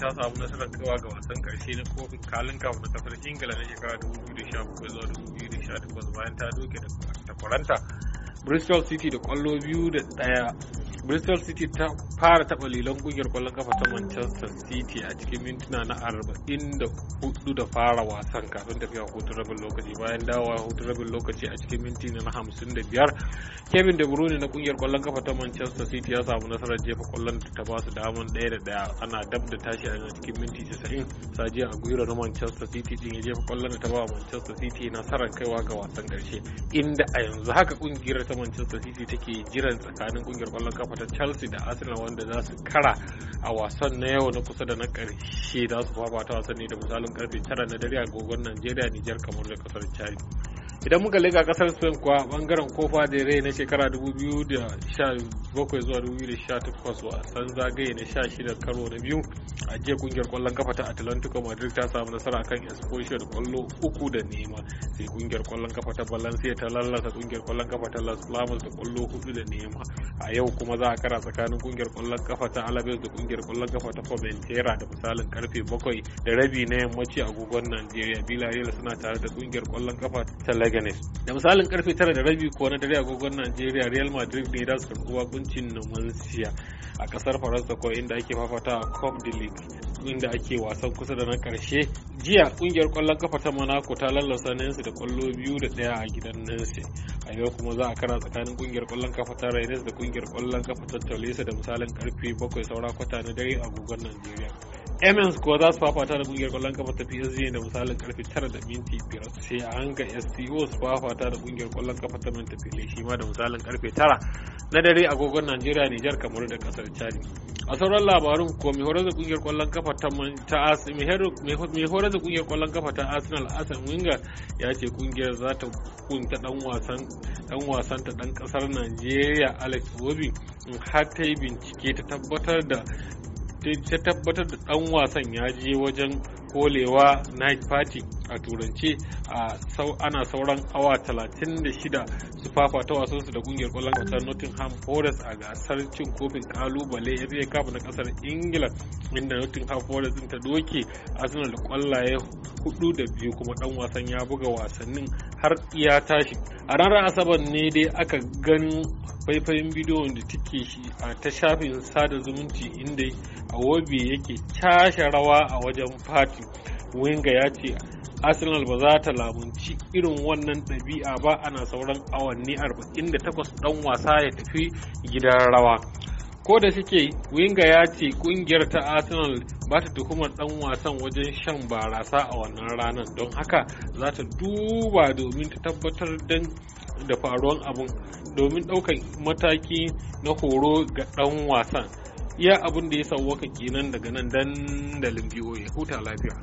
ta samu nasarar kawa ga wasan karshe na kofin kalin kafa na kasar ingila na shekara 2017 zuwa 2018 bayan ta doke da takwaranta bristol city da kwallo biyu da daya bristol city ta fara taɓa lilon ƙungiyar ƙwallon kafa ta manchester city a cikin mintuna na 44 da fara wasan kafin tafiya hutun rabin lokaci bayan dawowa hutun rabin lokaci a cikin mintuna na 55 kevin de bruyne na ƙungiyar ƙwallon kafa ta manchester city ya samu nasarar jefa ƙwallon da ta ba su ɗaya da ɗaya ana dab da tashi a cikin minti 90 sajiya aguero na manchester city din ya jefa ƙwallon da ta ba manchester city nasarar kaiwa ga wasan ƙarshe inda a yanzu haka ƙungiyar ta manchester city take jiran tsakanin ƙungiyar ƙwallon kafa fata chelsea da arsenal wanda za su kara a wasan na yau na kusa da na karshe za su fafata wasanni da misalin karfe 9 na dare agogon najeriya nijar kamar da kasar chari idan muka lega kasar spain kuwa bangaren kofa da rai na shekara 2017 zuwa 2018 wasan zagaye na 16 karo na biyu a jiya kungiyar kwallon kafa ta atlantico madrid ta samu nasara kan exposure da kwallo uku da nema sai kungiyar kwallon kafa ta valencia ta lalata kungiyar kwallon kafa ta las palmas da kwallo hudu da nema a yau kuma za a kara tsakanin kungiyar kwallon kafa ta alaves da kungiyar kwallon kafa ta formentera da misalin karfe 7 da rabi na yammaci a agogon nigeria bilayela suna tare da kungiyar kwallon kafa ta Leganes. Da misalin karfe tara da rabi ko na dare agogon Najeriya Real Madrid ne za su karɓi wakuncin Numancia a kasar Faransa ko inda ake fafata a Cop de League inda ake wasan kusa da na karshe Jiya kungiyar kwallon kafa ta Monaco ta lallasa Nancy da kwallo biyu da daya a gidan Nancy. A yau kuma za a kara tsakanin kungiyar kwallon kafa ta Rennes da kungiyar kwallon kafa ta Tolisa da misalin karfe bakwai saura kwata na dare a agogon Najeriya. Emens kuwa za su fafata da kungiyar kwallon kafa ta PSG da misalin karfe 9 da minti 5 sai a hanga STO su fafata da kungiyar kwallon kafa ta minti fili e, shi ma da misalin karfe 9 na dare agogon Najeriya Nijar kamar da kasar Chad. A sauran labarun kuwa mai horar da kungiyar kwallon kafa ta mai horar da kungiyar kwallon kafa ta Arsenal Arsene winger ya ce kungiyar za ta kunta dan wasan dan wasan ta dan kasar Najeriya Alex Wobi har ta yi bincike ta tabbatar da ta tabbatar da ɗan wasan ya je wajen kolewa night party a turance ana sauran awa 36 su fafata wasansu da kungiyar kwallon kasar nottingham forest a gasar cin kofin kalubale ya kafa na kasar ingila inda nottingham forest din ta doke arsenal da kwallaye hudu da biyu kuma dan wasan ya buga wasannin har iya tashi a ranar asabar ne dai aka gan faifayin bidiyon da take shi a ta shafin sada zumunci inda awobi yake cashe rawa a wajen fati winga ya ce arsenal ba za ta lamunci irin wannan ɗabi'a ba ana sauran awanni 48 dan wasa ya tafi gidan rawa ko da suke winga ya ce kungiyar ta arsenal ba ta tuhumar dan wasan wajen shan barasa a wannan ranar don haka za ta duba domin ta tabbatar da faruwan abun domin ɗaukar mataki na horo ga ɗan wasan iya abin da ya sauwaka kenan daga nan dandalin ya huta lafiya